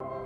you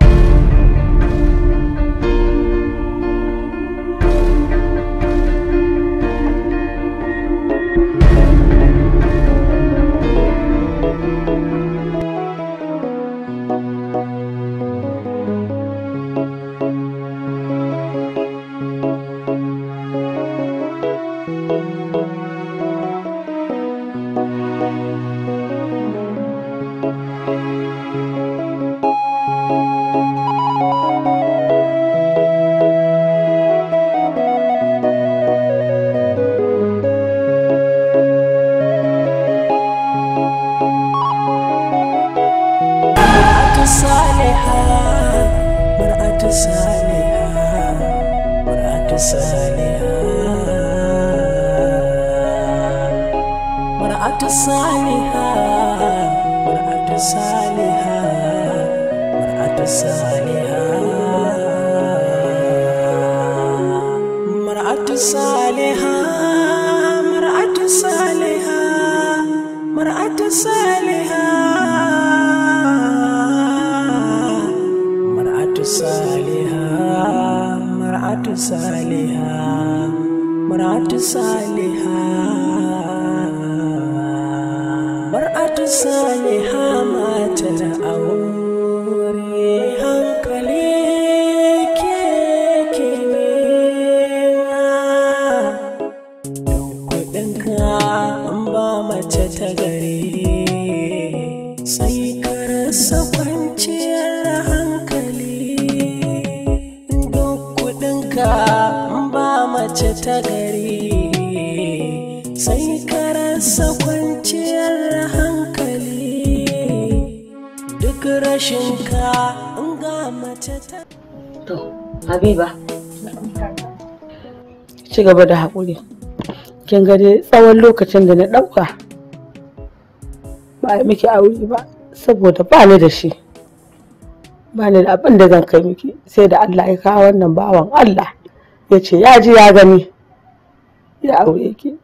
saliha mar'atu saliha mar'atu saliha mata aure goshinka ta to habiba ci gaba da haƙuri kin ga dai tsawon lokacin da na ɗauka ba miki aure ba saboda ba ni da shi ba ni da abin da zan kai miki sai da Allah ya kawo wannan bawan Allah ya ce ya ji ya gani ya aure ki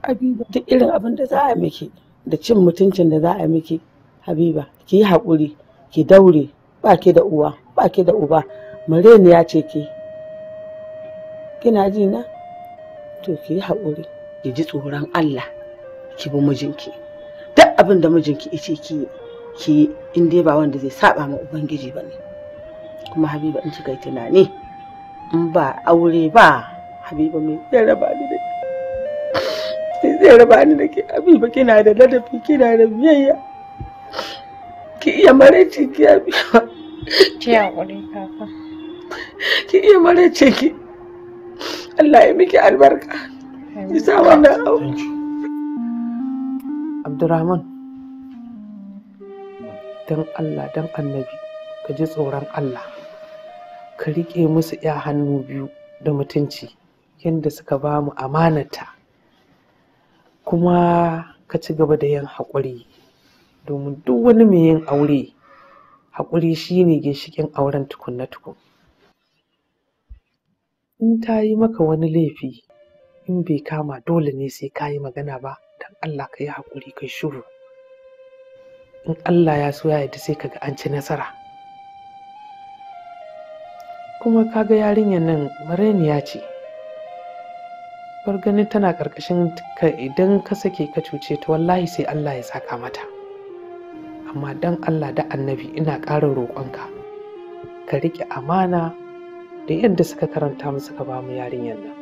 habiba duk irin abin da za a miki da cin mutuncin da za a miki habiba ki yi haƙuri ki daure ba ki da uwa ba ki da uba mureni ya ce ki kina ji na to ki yi haƙuri ki ji tsoron Allah ki bi mijinki duk abin da mijinki ya ce ki ki in dai ba wanda zai saba ma ubangiji ba ne kuma habiba in kika yi tunani in ba aure ba habiba mai zai raba ni da zai raba ni da ke habiba kina da ladabi kina da biyayya ki iya maraice ki ya biya ki ki iya maraice ki Allah ya miki albarka ki sa wannan abu Abdurrahman don Allah don annabi ka ji tsoron Allah ka riƙe musu ya hannu biyu da mutunci yadda suka ba mu amanata kuma ka ci gaba da yin haƙuri domin duk wani mai yin aure haƙuri shi ne ginshiƙin auren na tukun in ta yi maka wani laifi in bai kama dole ne sai ka yi magana ba don Allah ka yi haƙuri kai shuru in Allah ya so ya yarda sai ka ga an ci nasara kuma ka ga yarinyar nan mareniya ce bar ganin tana ƙarƙashin ka idan ka sake ka cuce ta wallahi sai Allah ya saka mata amma dan Allah da annabi ina ƙara roƙonka ka riƙe amana da yadda suka karanta mu suka ba mu yarinyar nan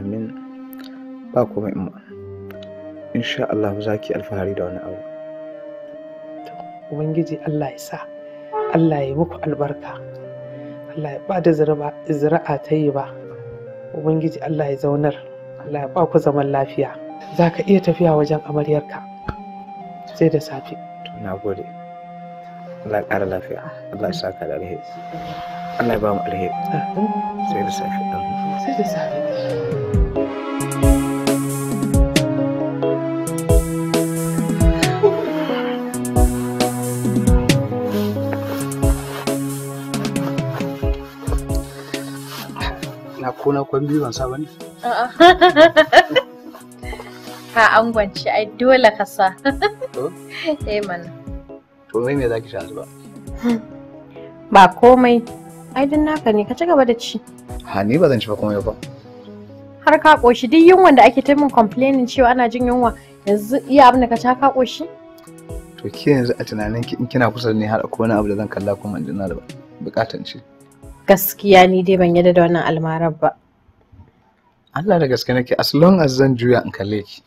amin ba kuma in insha Allah za ki alfahari da wani abu ubangiji Allah ya sa Allah ya muku albarka Allah ya ba da zira'a ta yi ba ubangiji Allah ya zaunar Allah ya ba ku zaman lafiya za ka iya tafiya wajen amaryarka sai da safe to na gode Allah ƙara lafiya Allah sa saka da alheri Allah ya ba mu alheri sai da safe sai da safe ko na kwan biyu ban sa bane? Ka gwanci ai dole ka sa. To? Eh mana. To mai me za ki sha Ba komai. Ai dun naka ne ka ci gaba da ci. Ha ni ba zan ci ba komai ba. Har ka koshi duk yunwan da ake ta min complaining cewa ana jin yunwa yanzu iya abin da ka ta ka koshi. To ke yanzu a tunanin ki in kina kusa ne har akwai wani abu da zan kalla kuma in ji na da bukatan ci. Gaskiya ni dai ban yadda da wannan almarar ba. Allah da gaske nake as long as zan juya in kalle ki.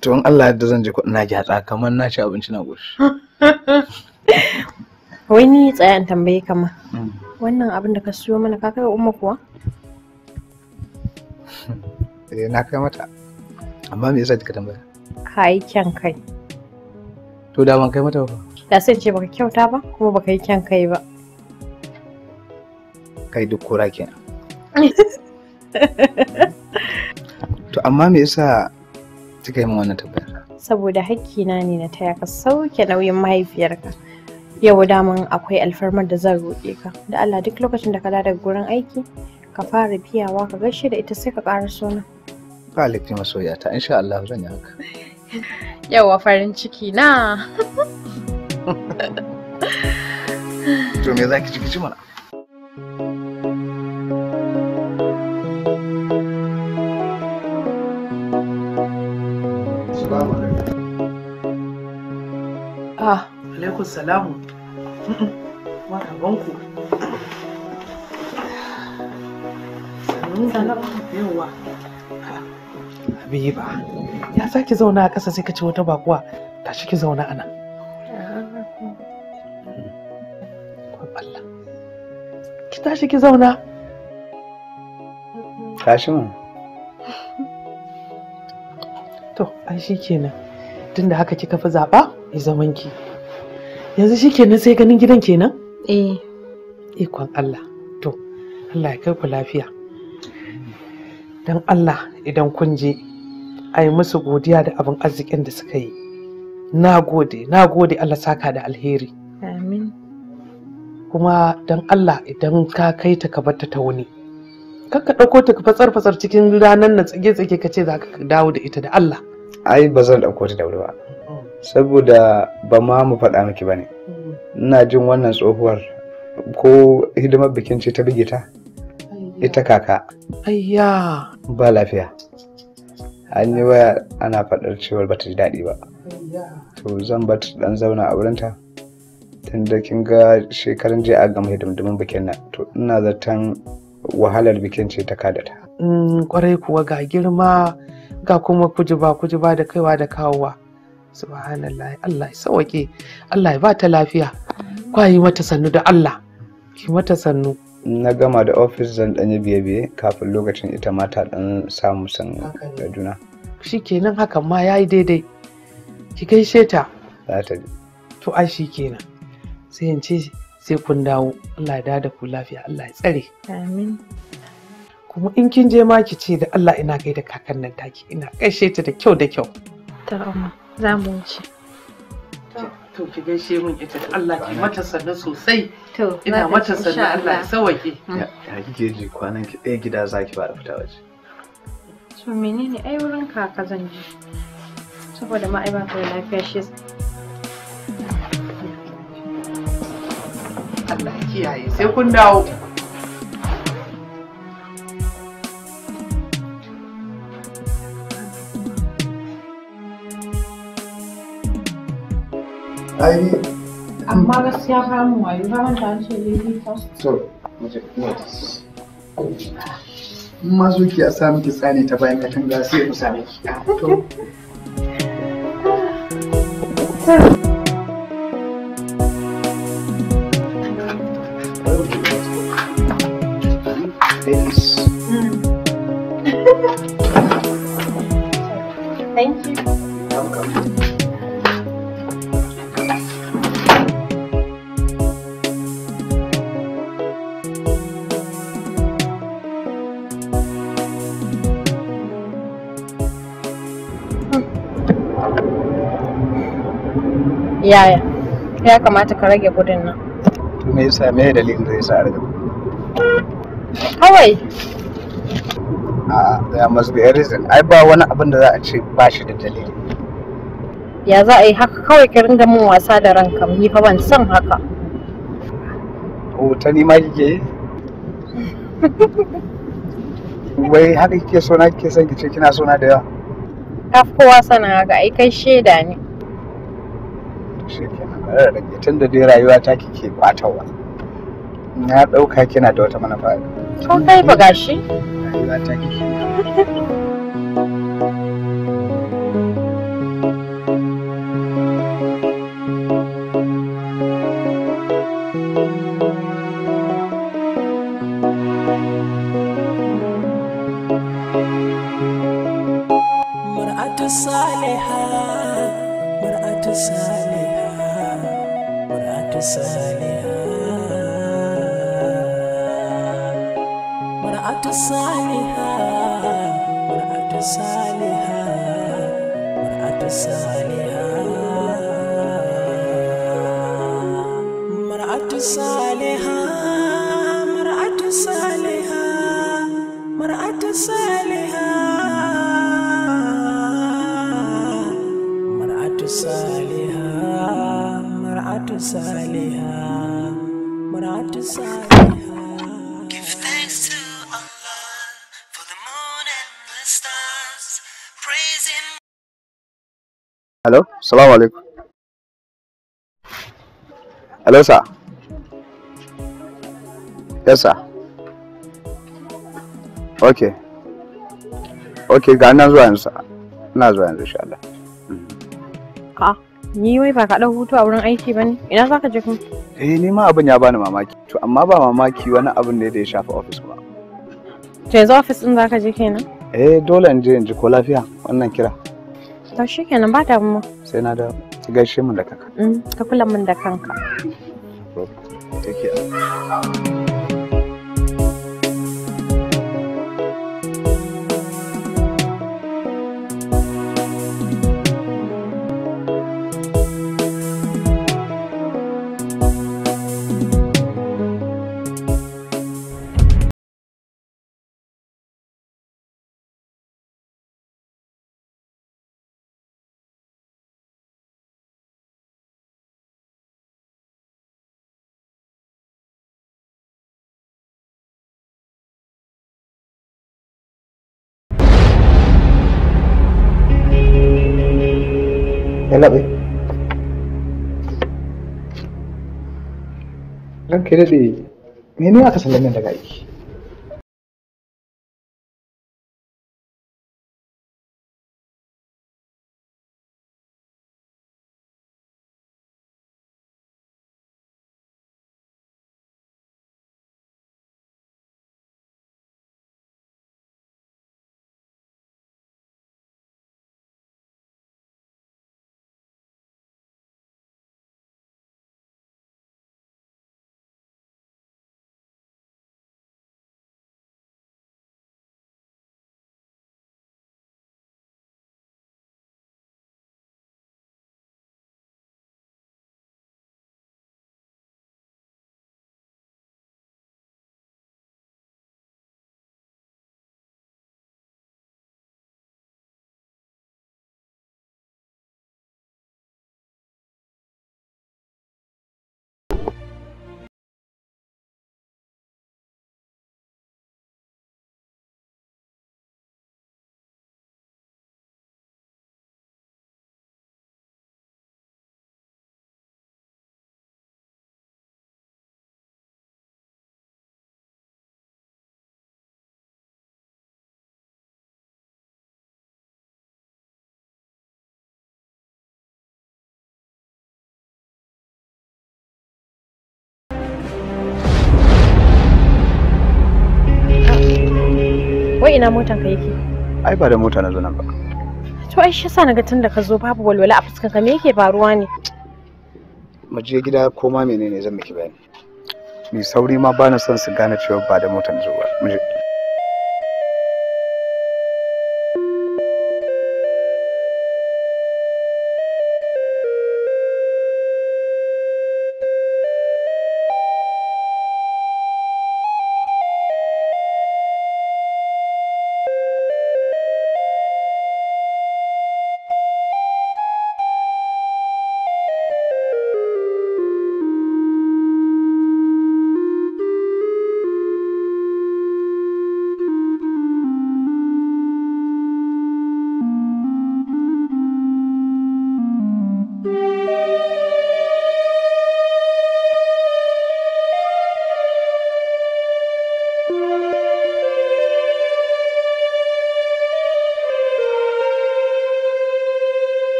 to in Allah yadda zan je kuɗin na gyatsa kamar na ci abinci na goshi wai ni tsayan tambaye kama mm. wannan abin da ka siyo mana ka kai umma kuwa eh na kai mata amma me yasa kika tambaya kai kyan kai to da ban kai mata ba da sai ce baka kyauta ba kuma baka yi kyan kai ba kai duk kura kenan to amma me yasa cika yi min wannan tambayar saboda na ne na taya ka sauke nauyin mahaifiyarka yau daman akwai alfarmar da zan roƙe ka da Allah duk lokacin da ka dawo daga gurin aiki ka fara biyawa ka gaishe da ita sai ka ƙara suna ba masoya ta insha Allah zan yi haka yawa farin ciki na to me zaki ciki mana Assalamu alaikum. Ah. alaikum salamu. Yawa. Habiba, ya zauna a ƙasa sai ka wata bakuwa tashi ki zauna Ki tashi ki zauna. Tashi mu. ai shi kenan tunda haka kika fi zaɓa ya zaman ki yanzu shi kenan sai ganin gidan kenan eh ikon Allah to Allah ya kai ku lafiya don Allah idan kun je ai yi musu godiya da abin arzikin da suka yi na gode na gode Allah saka da alheri amin kuma don Allah idan ka kai ta ka batta ta wuni kakka ɗauko ta fatsar fatsar cikin ranar na tsage tsage ka ce za ka dawo da ita da Allah ai ba zan ɗauko ta da wuri ba saboda ba ma mu faɗa miki ba ne ina jin wannan tsohuwar ko hidimar bikin ce ta bige ta ita kaka ayya ba lafiya an yi waya ana faɗar cewar ba ta ji daɗi ba to zan ba ta ɗan zauna a wurinta tun da kin ga shekarun jiya a gama hidimdimin bikin nan to ina zaton wahalar bikin ce ta kada ta kwarai mm, kuwa ga girma ga kuma kujiba kujiba da kaiwa da kawowa subhanallah Allah ya sauke Allah ya ba ta lafiya kwayi mata sannu da Allah ki mata sannu na gama da ofis zan danyi biye biye kafin lokacin ita mata dan samu san da juna shikenan hakan ma yayi daidai ki gaishe ta za ta to ai shikenan sai in ce sai kun dawo Allah ya da ku lafiya Allah ya tsare amin kuma in kin je ma ki ce da Allah ina da kakan nan taki ina gaishe ta da kyau da kyau ta za mu wuce to ki gaishe mun ita da Allah ki mata sanna sosai to ina mata sanna Allah ya sawake mm. ya kike ji kwanan ki ɗaya gida zaki fara fita waje to menene ai wurin kaka zan je saboda ma ai ba ta lafiya shi Allah kiyaye sai kun dawo ai amma gaskiya ka mu wayo ka manta an ce ki a sa miki tsani ta bayan katanga sai ku same ki ah, Thank you. Welcome. yaya ya kamata ka rage gudun nan to me yasa me dalilin da yasa rage kawai a there must be a reason ai ba wani abin da za a ce ba shi da dalili ya za a yi haka kawai ka ringa min wasa da ranka ni fa ban san haka o ta nima kike yi wai haka kike so na kike son kice kina so na da yawa Kafkowa sana ga ai kai sheda ne shikenan tun da dai rayuwa ta kike kwatawa na kina da wata manufa to ba gashi rayuwa mar'atu salihah. atusalia, Bwana atusalia, Bwana atusalia, Bwana atusalia, Bwana Give thanks to Allah Hello, Salaam alaikum. Hello, sir. Yes, sir. Okay. Okay, ga nan zuwa yanzu. Ina zuwa yanzu insha Allah. Ah, ni wai ba ka dau hutu a wurin aiki bane. Ina za ka je kuma? Eh, ni ma abin ya bani mamaki. to amma ba mamaki wani abin ne da ya shafi ofis ba to yanzu ofis din zaka je kenan eh dole in je in ji ko lafiya wannan kira to kenan ba damuwa sai na da gaishe mun da kanka mm, ka kula mun da kanka take care yallaɓai ranka ya daɗe ne aka sallar nan daga aiki ina motan ka yake ai ba da mota na zo nan ba to ai shi sa naga tun da ka zo babu walwala a fuskan ka me yake faruwa ne mu je gida ko ma menene zan miki bayani ni sauri ma ba na son su gane cewa ba da motan zo ba mu je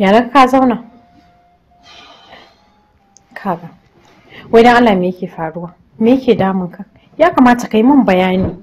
yaran ka zauna kaga wai dan Allah me yake faruwa me yake damun ka ya kamata kai mun bayani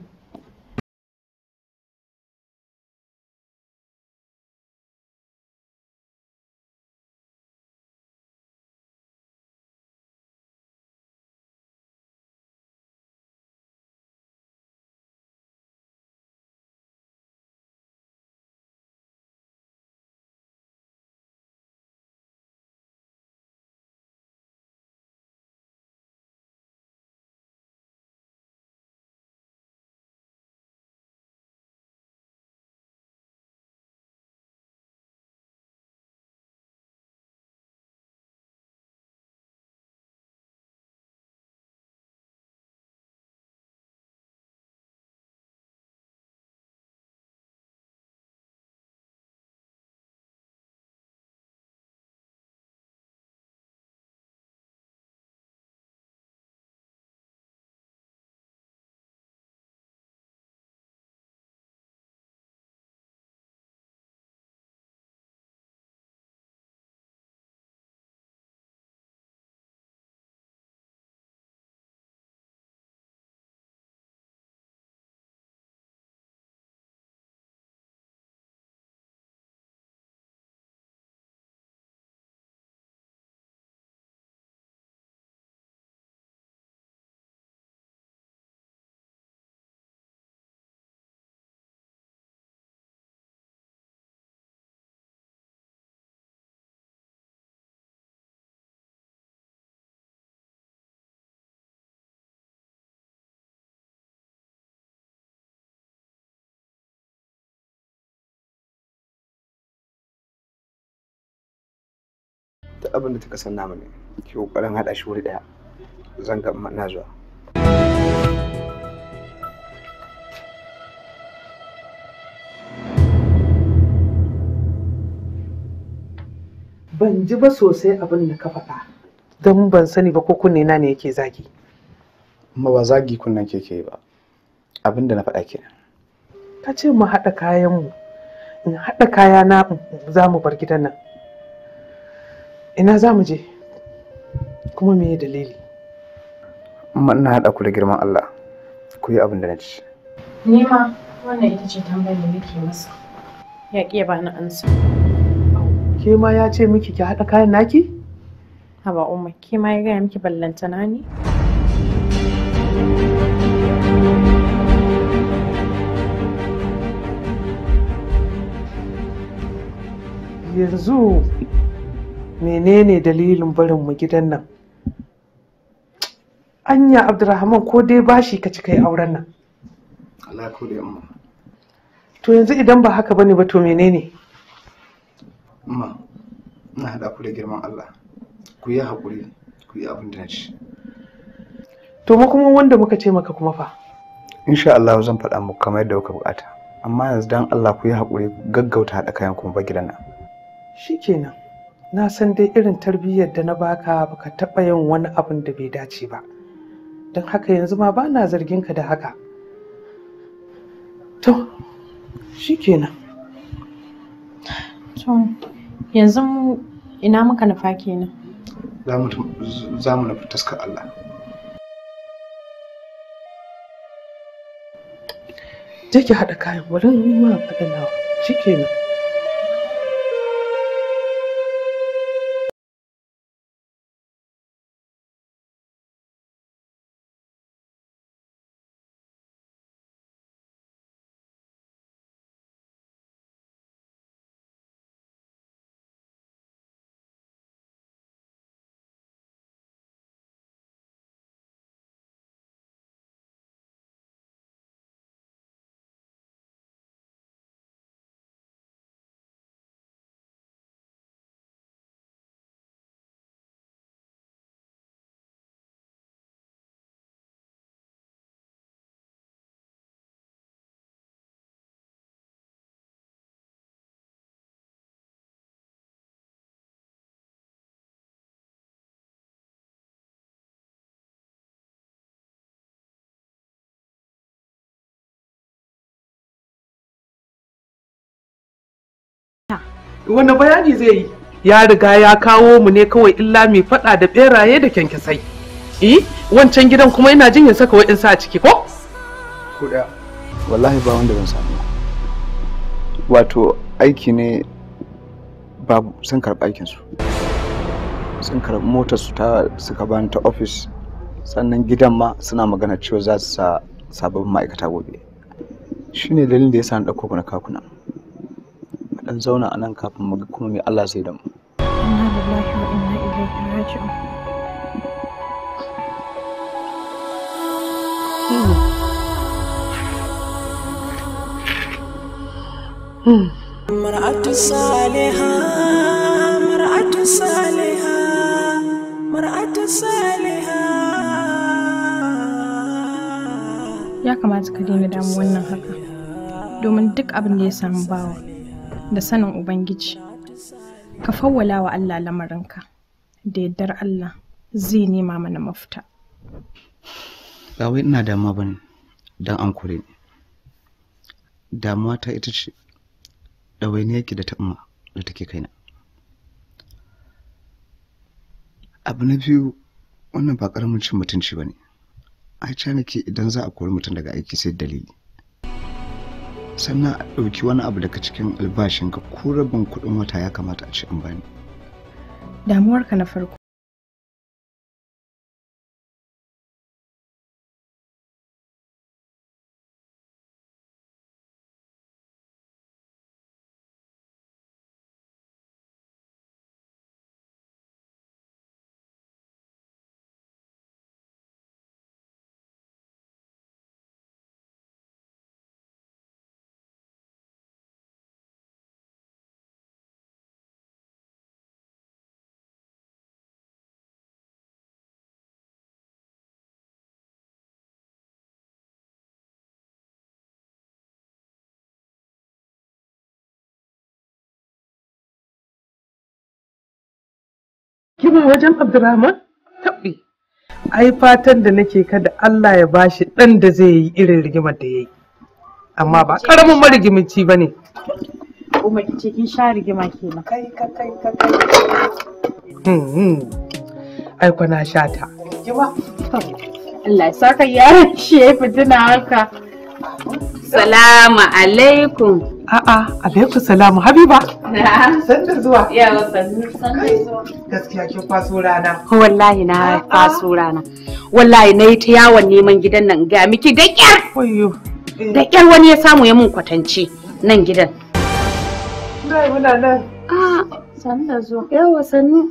ta abin da ta san namu ne ke kokarin haɗa shi wuri ɗaya zan ga na zuwa ban ji ba sosai abin da ka faɗa don ban sani ba ko kunne na ne yake zagi amma ba zagi kunnen ke ke ba abin da na faɗa ke ka ce mu haɗa kayan mu in haɗa kaya na za mu bar gidan nan ina za mu je kuma me dalili na haɗa ku da girman Allah ku yi abin da na ci ni ma wannan ita ce tambayar da nake masa ya ƙi ba ni ansa ke ma ya ce miki ki haɗa kayan naki haba umma ke ma ya gaya miki na ni. yanzu menene dalilin barin mu gidan nan anya abdurrahman ko dai bashi ka ci kai auren nan Allah ko dai amma to yanzu idan ba haka bane ba to menene amma na hada ku da girman Allah ku yi hakuri ku yi abin da na ci to mu kuma wanda muka ce maka kuma fa insha Allah zan faɗa muku kamar yadda kuka bukata amma yanzu dan Allah ku yi hakuri gaggauta haɗa kayan kuma ba gidan nan shikenan na san dai irin tarbiyyar da na baka baka taɓa yin wani abin da bai dace ba don haka yanzu ma ba na zargin ka da haka to shikenan to yanzu ina muka nufa kenan za mu nufi taskar Allah je ki haɗa kayan wurin ma faɗa nawa shikenan wani bayani zai yi ya riga ya kawo mu ne kawai illa mai faɗa da beraye da kyankyasai eh wancan gidan kuma ina jin ya saka wa'in sa a ciki ko kuda wallahi ba wanda ban samu wato aiki ne babu sun karɓi aikinsu sun karɓi motar su ta suka bani ta ofis sannan gidan ma suna magana cewa za su sa sababbin ma'aikata gobe shine dalilin da ya sa na ɗauko na kakuna mu dan zauna anan kafin mu ga kuma mai Allah zai da mu ya kamata ka daina damu wannan haka domin duk abin da ya samu bawa da sanin Ubangiji. Ka fawwala wa Allah lamarinka, da yardar Allah zai nema mana mafita. Ba ina damuwa ba ne don an kure ni. Damuwa ta ita ce yake da ta'umma da take kaina. Abu na biyu wannan ba ƙaramin cin mutunci ba ne. Ai, ke idan za a kori mutum daga aiki sai dalili. sannan a ɗauki wani abu daga cikin albashinka ko rabin kuɗin wata ya kamata a ci an bani damuwarka na farko Kina wajen Abdurrahman? A Ai fatan da nake kada Allah ya bashi ɗan da zai yi irin rigimar da ya yi. Amma ba ƙaramin marigiminci ba ne. Kuma ce kin sha rigima kenan. Kai ka kai ka kai. Hmm, hmm. Ai kwana sha ta. Rigima? Allah ya saka yaran shi ya fitina haka. Salamu alaikum. A'a, alaikum salamu Habiba. San da zuwa. Ya wa san da zuwa. Gaskiya kin kwaso rana. Wallahi na kwaso rana. Wallahi na yi ta yawon neman gidan nan ga miki da kyar. Eh. Da kyar wani ya samu ya mun kwatance nan gidan. Dai muna nan. A san da zuwa. Yawa sannu.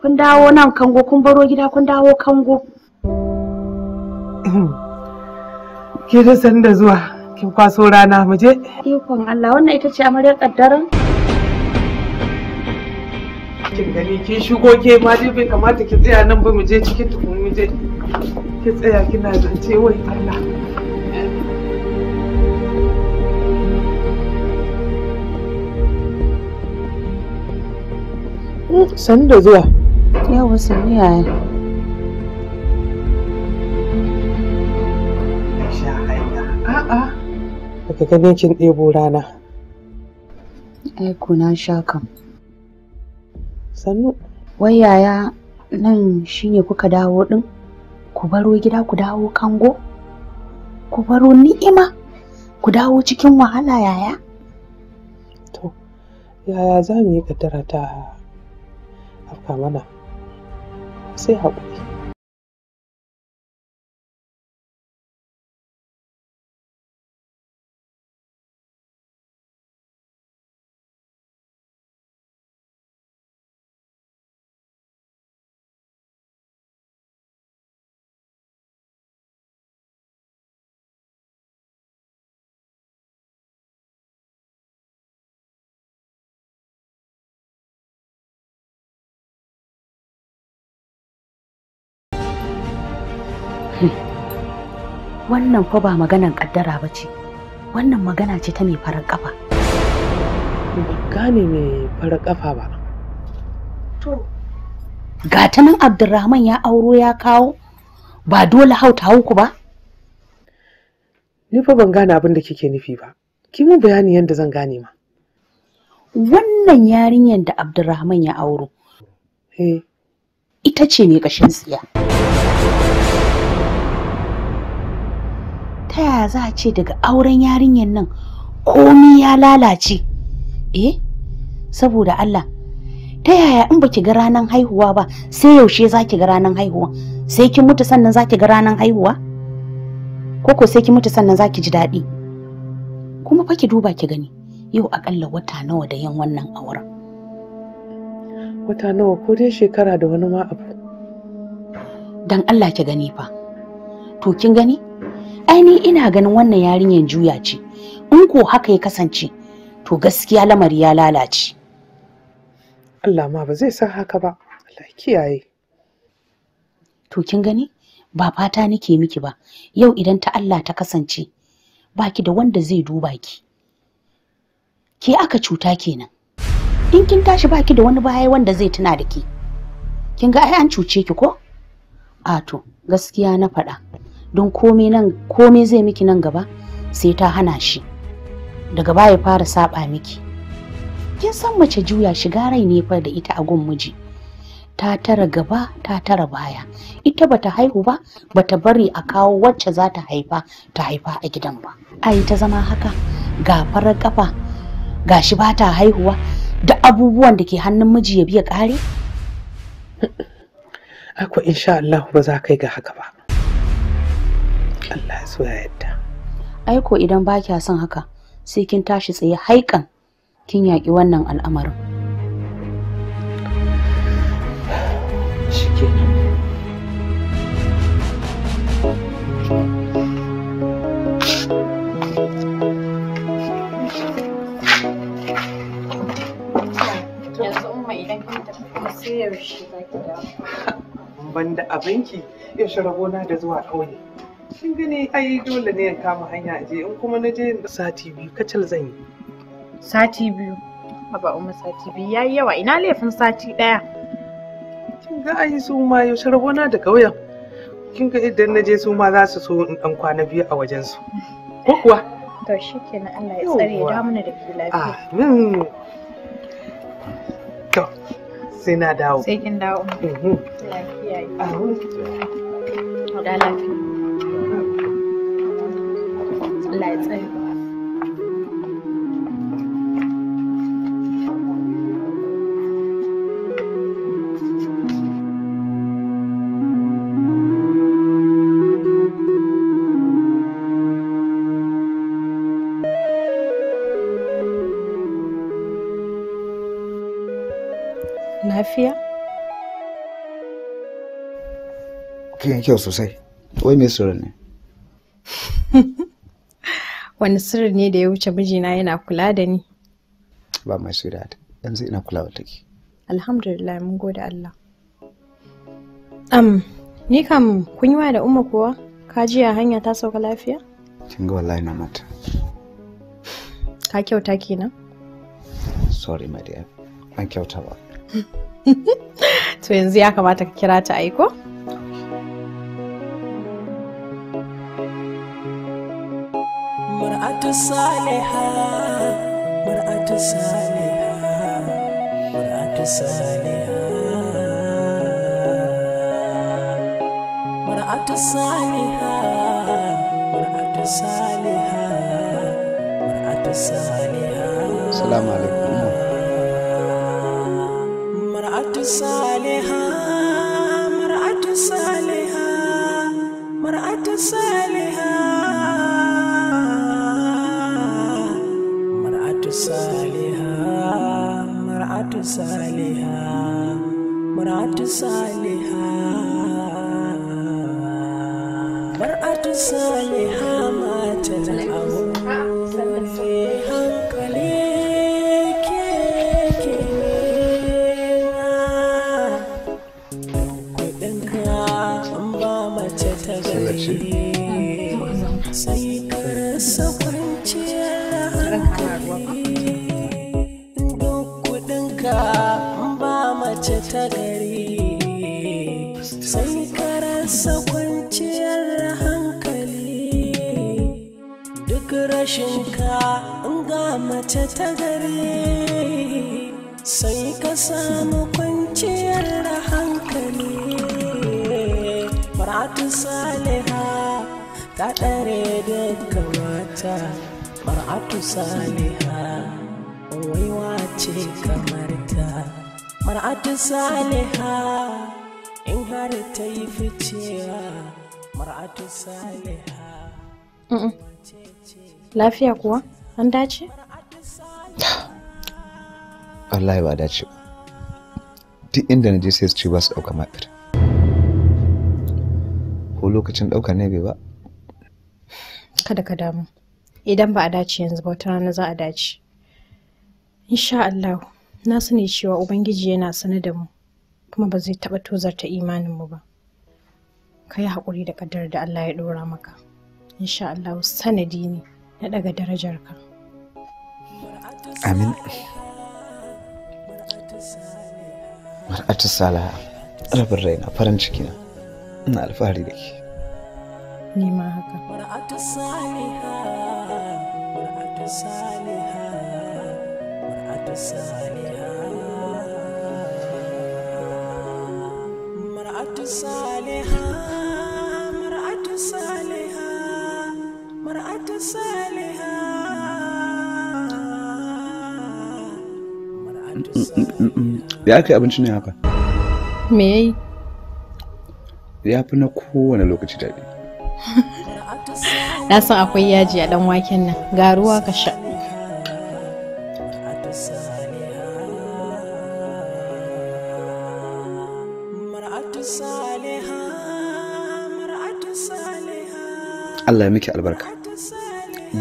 Kun dawo nan kango kun baro gida kun dawo kango. Ki da san da zuwa. Kin kwaso rana mu je. Ikon Allah wannan ita ce amaryar kaddaran. Kin gani kin shigo ke ma bai kamata ki tsaya nan ba mu je cikin tukun mu je. Ki tsaya kina zance wai Allah. Sani da zuwa. Yawa sani yaya. Ka ganin kin ɗebo rana. Aiko na sha kam. Sannu. Wai yaya nan shine kuka dawo ɗin? Ku baro gida ku dawo kango? Ku baro ni'ima? Ku dawo cikin wahala yaya? To, yaya za mu yi ƙaddara ta afka mana? Sai haƙuri. wannan fa ba maganan kaddara ba ce wannan magana ce ta mai farar kafa gane mai farar kafa ba to ga ta nan abdurrahman ya auro ya kawo ba dole hau ta hauku ba ni fa ban gane abin da kike nufi ba ki mu bayani yadda zan gane ma wannan yarinyar da abdurrahman ya auro eh. ita ce mai kashin tsiya ta yaya za a ce daga auren yarinyar nan komi ya lalace eh saboda Allah ta yaya in baki ga ranar haihuwa ba sai yaushe za ki ga ranar haihuwa sai ki mutu sannan za ki ga ranar haihuwa ko ko sai ki mutu sannan za ki ji daɗi kuma fa ki duba ki gani yau akalla wata nawa da yin wannan auren wata nawa ko dai shekara da wani ma abu dan Allah ki gani fa to kin gani ai ni ina ganin wannan yarinyar juya ce in ko haka ya kasance to gaskiya lamari ya lalace Allah ma ba zai san haka ba Allah kiyaye to kin gani ba fata nake miki ba yau idan ta Allah ta kasance baki da wanda zai duba ki ke aka cuta kenan in kin tashi baki da wani baya wanda zai tuna da ki? kin ga ai an cuce ki ko a to gaskiya na faɗa don komai zai miki nan gaba sai ta hana shi daga baya fara saba miki kin san mace juya shiga rai ne fa da ita a gun miji ta tara gaba ta tara baya ita bata haihu ba bata bari a kawo wacce za ta haifa ta haifa a gidan ba ai ta zama haka ga farar kafa gashi ba ta haihuwa da abubuwan da ke hannun miji ya biya kare akwai insha Allah ba za kai ga haka ba Allah so ya yadda. Aiko idan ba kya son haka sai kin tashi tsaye haikan kin yaƙi wannan al'amarin. Banda abinki ya shi rabona da zuwa ƙauye. kin gani ai dole ne in kama hanya je in kuma na je sati biyu kacal zan yi sati biyu haba umma sati biyu yayi yawa ina laifin sati daya kin ga ai su ma yaushe rabona da kauyen kin ga idan na je su ma za su so in dan kwana biyu a wajen su ko kuwa to shikenan Allah ya tsare ya damuna da ke lafiya amin to sai na dawo sai kin dawo mhm. lafiya da lafiya Allah ya tsare kyau sosai. Wai me tsoron ne? wani sirri ne da ya wuce mijina yana kula da ni ba mai da yanzu ina kula wata take alhamdulillah mun gode Allah am ni kam kun yi wa da umma kuwa ka ji a hanya ta sauka lafiya kin ga wallahi na mata ka kyauta kenan sorry my dear ban kyauta ba to yanzu ya kamata ka kira ta aiko Assalamualaikum. saliha mar'atu saliha mar'atu saliha mar'atu saliha matan mace ta gari sai ka samu kwanciyar da hankali mar'atu saliha ta ɗare daga mata mar'atu saliha waiwa ce kamar ta mar'atu saliha in har ta yi ficewa mar'atu saliha lafiya kuwa an dace? Allah ya dace ba duk inda na je sai su ce ba su ɗauka mafir ko lokacin ɗauka ne bai ba kada ka damu idan ba a dace yanzu ba wata rana za a dace insha Allah na sani cewa ubangiji yana sane da mu kuma ba zai taɓa tozarta imanin mu ba ka yi haƙuri da ƙadar da Allah ya ɗora maka insha Allah sanadi ne na ɗaga darajarka amin mar'atu salaha rabin raina farin ciki na ina alfahari da ke ni ma haka mar'atu ya kai abincin abinci ne haka me yayi ya fi na kowane lokaci daɗi na san akwai yaji a ɗan waken nan ga ruwa ka sha Allah ya miki albarka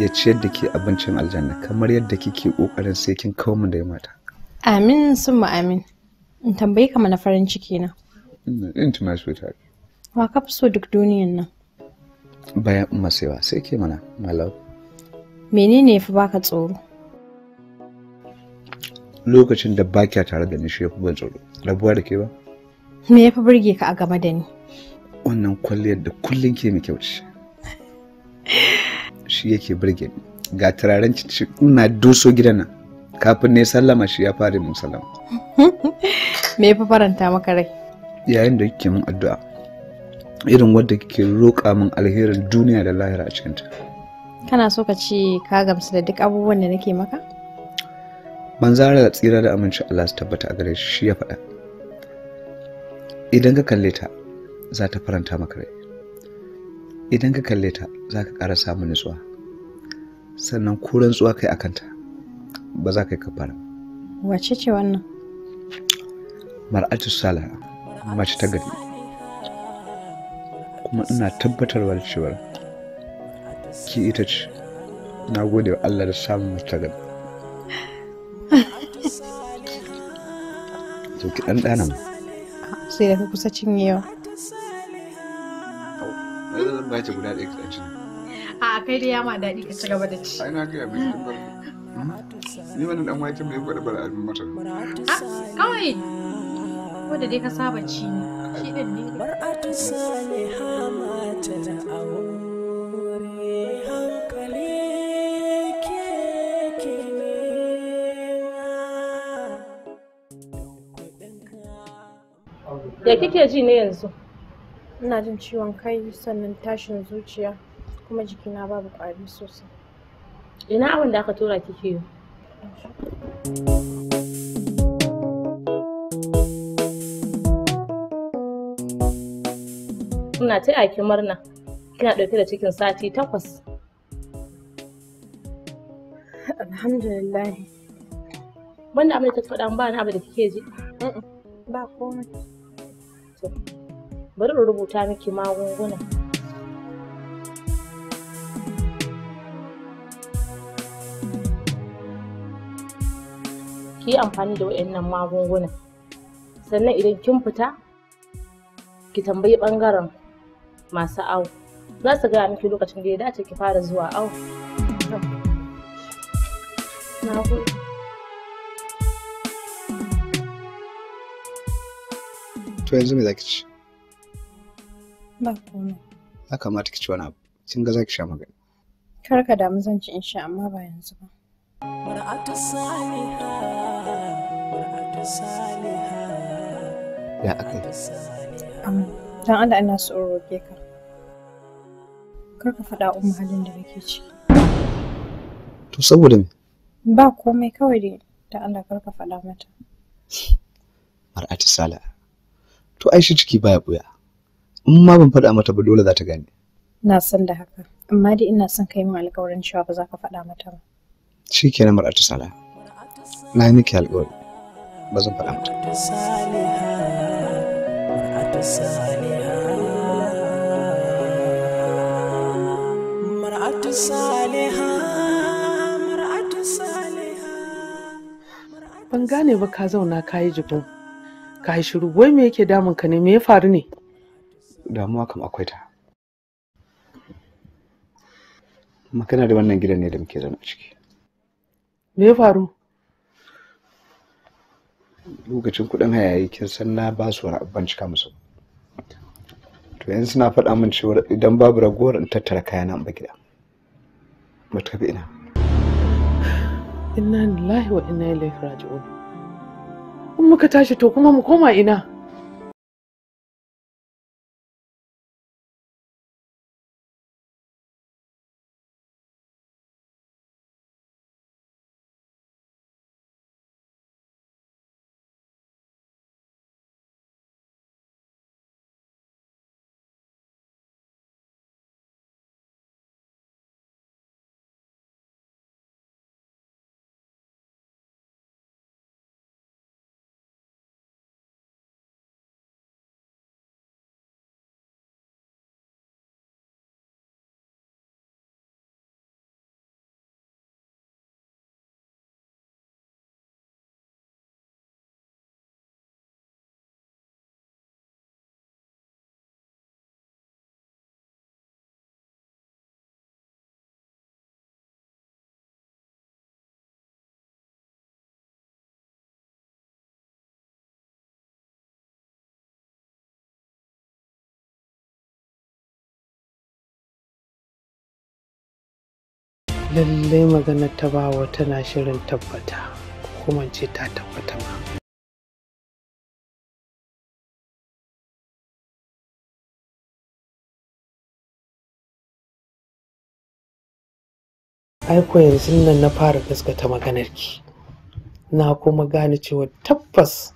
ya ciyar da ke abincin aljanna kamar yadda kike kokarin sai kin kawo min da ya mata Amin summa amin. In tambayi ka mana farin ciki na. in Into my sweetheart. Wa ka fi so duk duniyan nan? Bayan masewa sai ke mana, my love. Menene ya fi baka tsoro? Lokacin da ba kya tare da ni shi ya fi ban tsoro. Rabuwa da ke ba? Me ya fi burge ka a gaba da ni? Wannan kwalliyar da kullum ke mai kyau ce. Shi yake burge ni. Ga turaren ina doso gidan nan. kafin ne sallama shi ya fara min salama me fi faranta maka rai yayin da kike min addu'a irin wadda kike roƙa min alherin duniya da lahira a cikinta kana so ka ce ka gamsu da duk abubuwan da nake maka manzara da tsira da aminci Allah su tabbata a gare shi ya faɗa idan ka kalle ta za ta faranta maka rai idan ka kalle ta za ka ƙara samun nutsuwa sannan ko tsuwa kai a kanta ba za ka yi kafara wace ce wannan mar'atu sala mace ta gari kuma ina tabbatarwa da cewar ki ita ce na gode wa Allah da samun mace ta gari Zauki ɗan dan dana sai da ka kusa cinyewa ba ta guda ɗaya ka ci a kai da yama daɗi ka ci gaba da ci ga ni wannan dan wake mai gwada bara abin mata ah, kawai da dai ka saba ci ne shi din ne bar'atu salihama tana aure hankali Ya kike ji ne yanzu? Ina jin ciwon kai sannan tashin zuciya kuma jikina babu ƙwari sosai. Ina abin da aka tura kike yi? Ina ta ki murna kina ɗauke da cikin sati takwas. Alhamdulillah. Wanda abin da ta faɗa ba na abu da kike ji? Ba komai. Bari in rubuta miki magunguna. ki yi amfani da waɗannan magungunan sannan idan kin fita ki tambayi ɓangaren masu awo za su gaya miki lokacin da ya dace ki fara zuwa awo to yanzu me za ki ci ba ya kamata ki ci wani abu kin ga za ki sha magani kar ka damu zan ci in sha amma ba yanzu ba Ya aka yi. Don Allah ina so in roƙe ka. Kar ka faɗa umma halin da nake ciki. To saboda me? Ba komai kawai dai don Allah kar ka faɗa mata. Mar'atu Sala. To ai shi ciki baya ɓuya. In ma ban faɗa mata ba dole za ta gane. Na san da haka. Amma dai ina son kai min alƙawarin cewa ba za ka faɗa mata ba. shi ke na mar'atu sala na yi miki alƙawari ba zan faɗa mata ban gane ba ka zauna ka yi jibin ka yi shiru wai me yake damun ka ne me ya faru ne damuwa kam akwai ta magana da wannan gidan ne da muke zama ciki me ya faru lokacin kuɗin hayayi kin san na ba su wani cika musu to yanzu suna faɗa min cewa idan babu ragowar in tattara kayana ba gida ba tafi ina inna lillahi wa inna ilaihi raji'un in muka tashi to kuma mu koma ina lallai maganar ta bawa tana shirin tabbata kuma ce ta tabbata ma aiko yanzu nan na fara gaskata maganarki na kuma gane cewa tabbas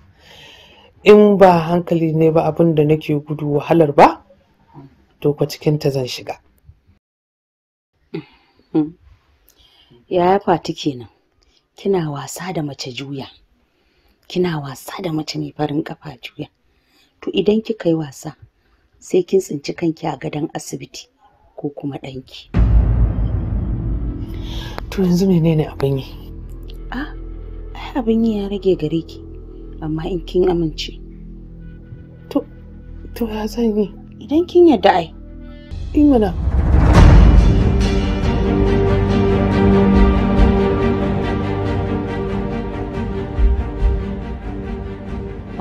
in ba hankali ne ba abin da nake gudu wahalar ba to cikinta zan shiga mm, mm. yaya fati kenan kina wasa da mace juya kina wasa da mace mai farin kafa juya to idan kika yi wasa sai kin tsinci kanki a gadon asibiti ko kuma ɗanki. to yanzu menene abin yi ah ai abin yi ya rage gare ki amma in kin amince to to ya zan yi idan kin yadda ai in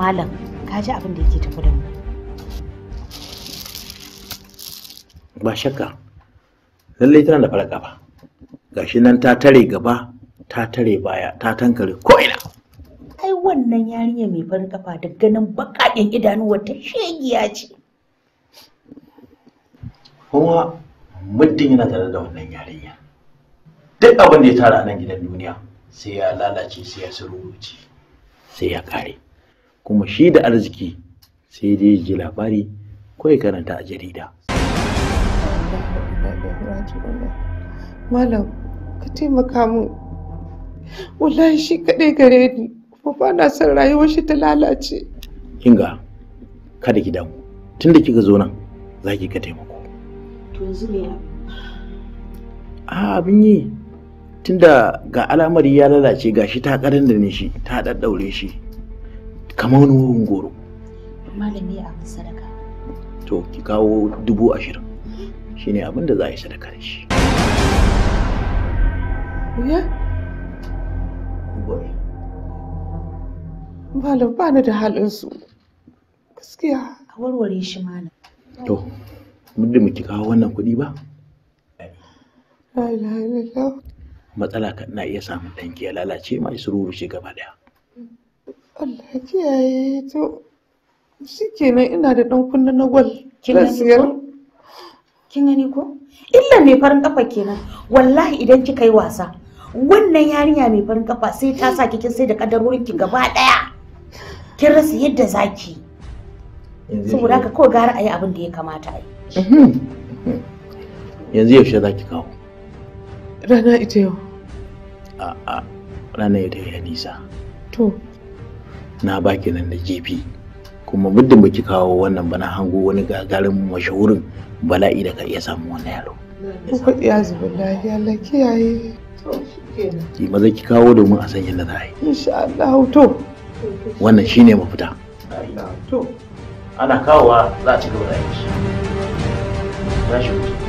malam ka ji abin da yake tafi da mu ba shakka lallai tana da farka ba gashi nan ta tare gaba ta tare baya ta tankare ko'ina ai wannan yarinya mai farin kafa da ganin bakaƙen idanu wata shegiya ce kuma muddin yana tare da wannan yarinya duk abin da ya tara nan gidan duniya sai ya lalace sai ya sururuce sai ya kare kuma shi da arziki sai dai ji labari ko ya karanta a jarida malam ka taimaka mu wallahi shi kaɗai gare ni kuma ba na son rayuwar shi ta lalace kinga kada ki damu tunda kika zo nan za ki ka taimako to yanzu ne a abin yi tunda ga al'amari ya lalace gashi ta ƙarin da ne shi ta ɗaɗɗaure shi kamar wani wurin goro malami ya abin sadaka to ki kawo dubu ashirin shine abin da za a yi sadaka da shi Malam ba ni da halin su gaskiya a warware shi malam to muddin muke kawo wannan kuɗi ba matsala kan na iya samun danki ya lalace ma ya shi gaba daya Allah kiyaye to shi kenan ina da ɗan kunna na gwal na siyar kin gani ko illa mai farin kafa kenan wallahi idan kika yi wasa wannan yarinya mai farin kafa sai ta sa kikin sai da kadarorin ki gaba daya kin rasa yadda zaki saboda haka ko gara ayi abin da ya kamata a mhm. yanzu yaushe zaki kawo rana ita yau a'a rana ita ya nisa to na baki nan da jefi kuma muddin baki kawo wannan bana hango wani gagarin mashahurin bala'i da ka iya samu wannan yaro kuɗi azubillahi Allah kiyaye ki maza ki kawo domin a san yadda za a yi insha Allah to wannan shine mafita to ana kawowa za a ci gaba da aiki za shi